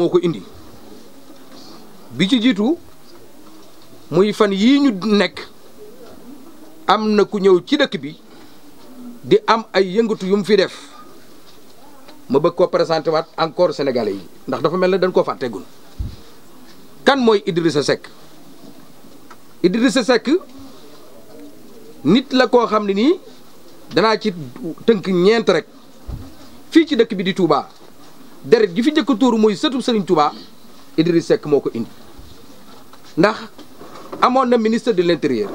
moo ko indi bi ci jiitu muy fan yii ñu nekk am na ku ñëw ci dëkk bi di am ay yëngatu yu mu fi def ma bëgg koo présenté waat encore sénégalais yi ndax dafa mel ne dañ koo fàtteegul kan mooy sa Idrissa Seck sa Seck nit la koo xam ne nii danaa ci tënk ñeent rek fii ci dëkk bi di tuubaa deret gi fi njëkk a tuuru mooy sëtu Serigne Touba Idriss Seck moo ko indi ndax amoon na ministre de l'intérieur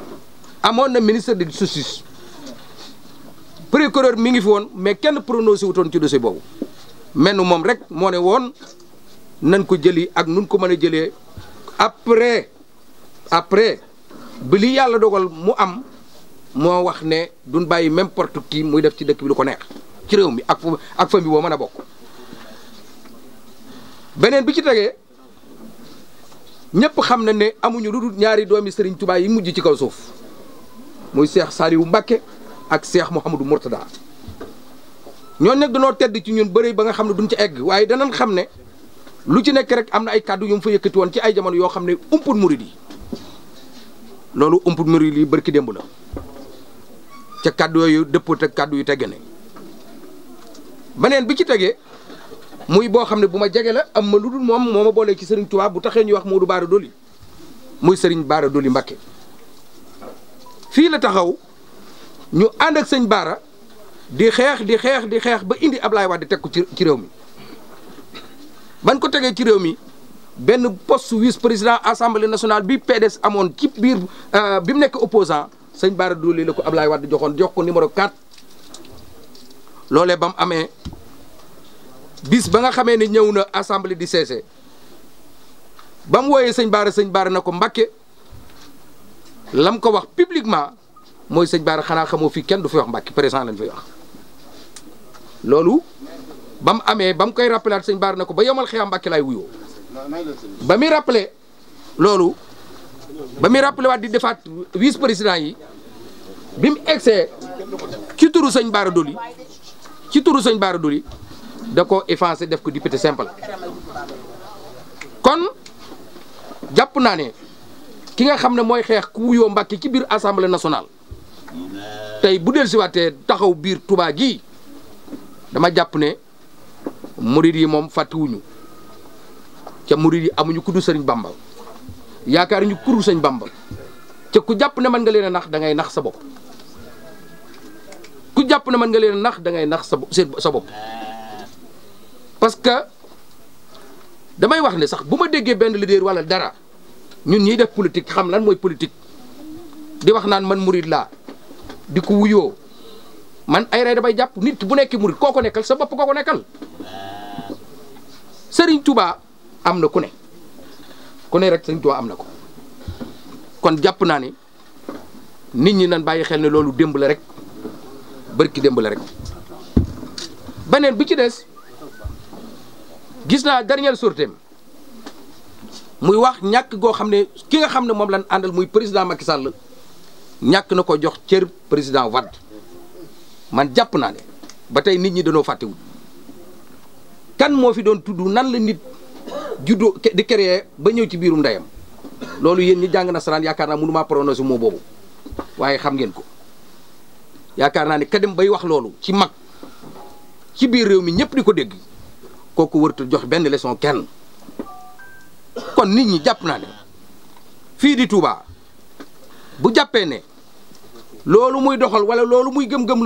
amoon na ministre de justice procureur mi ngi fi woon mais kenn prononcé wutoon ci dossier boobu menn moom rek moo ne woon nañ ko jëli ak nun ko mën a jëlee après après bi li yàlla dogal mu am moo wax ne duñ bàyyi n'importe qui muy def ci dëkk bi lu ko neex ci réew mi ak ak famille boo mën a bokk beneen bi ci tegee ñëpp xam na ne amuñu lu dul ñaari doomi Serigne tubaay yi mujj ci kaw suuf muy Cheikh Saliou Mbacké ak Cheikh Mouhamadou Mourtada ñoo nekk danoo tedd ci ñun bëri ba nga xam ne duñ ci egg waaye dana xam ne lu ci nekk rek am na ay kàddu yu mu fa yëkkati woon ci ay jamono yoo xam ne umpul murid yi loolu umpul murid yi bërki démb la ca kàddu yooyu dëppoo ak kàddu yu tegg ne beneen bi ci tegee muy boo xam ne bu ma jege la am ma lu dul moom moo ma boolee ci sëriñ Tuubaa bu taxee ñuy wax Modou Baara Doli muy sëriñ Baara Doli Mbàkke fii la taxaw ñu ànd ak sëñ Baara di xeex di xeex di xeex ba indi Ablaye Wade teg ko ci ci réew mi ban ko tegee ci réew mi benn poste vice président assemblée nationale bi PDS amoon ci biir euh, bi mu nekk opposant sëñ Baara Doli la ko Ablaye di joxoon jox ko numéro 4 loole ba mu amee. bis ba nga xamee ne ñëw na assemblée di CC ba mu wooyee sëñ Baara sëñ Baara na ko Mbàkke lam ko wax publiquement mooy sëñ Baara xanaa xamoo fii kenn du fi wax Mbàkke président lañ fay wax loolu ba mu amee ba mu koy rappelaat sëñ Baara na ko ba yomal xëyam Mbàkke laay wuyoo ba muy rappelé loolu ba muy rappelé waat di defaat vice président yi bi mu egsee ci turu sëñ Baara Doli ci turu sëñ Baara Doli da ko effacé def ko député simple kon jàpp naa ne ki nga xam ne mooy xeex ku wuyoo Mbàkke ci biir assemblée nationale tey bu del siwaatee taxaw biir Touba gii dama jàpp ne murid yi moom fàttiwuñu ca murid yi amuñu ku dul sëriñ Bamba yaakaar ñu ku dul sëriñ Bamba ca ku jàpp ne mën nga leen a nax da nax sa bopp ku jàpp ne mën nga leen a nax da nax sa sa bopp parce que damay wax ne sax bu ma déggee benn leader wala dara ñun ñii def politique xam lan mooy politique di wax naan man murit laa di ko wuyoo man ay rey damay jàpp nit bu nekkee murid koo ko nekkal sa bopp koo ko nekkal Serigne am na ku ne ku ne rek Serigne Touba am na ko kon jàpp naa ne nit ñi nan bàyyi xel ne loolu démb la rek bërki démb la rek beneen bi ci des. gis naa dernière sortie muy wax ñàkk goo xam ne ki nga xam ne moom lan àndal muy président Macky Sall ñàkk na ko jox cër président Wade man jàpp naa ne ba tey nit ñi dañoo fàttewul kan moo fi doon tudd nan la nit juddoo di créer ba ñëw ci biirum ndeyam loolu yéen ñi jàng na nasaraan yaakaar naa mënumaa prononcer moo boobu waaye xam ngeen ko yaakaar naa ne ka dem bay wax loolu ci mag ci biir réew mi ñëpp di ko dégg. kooku warut jox benn leçon kenn kon nit ñi jàpp naa ne fii di Touba bu jàppee ne loolu muy doxal wala loolu muy gëm-gëm.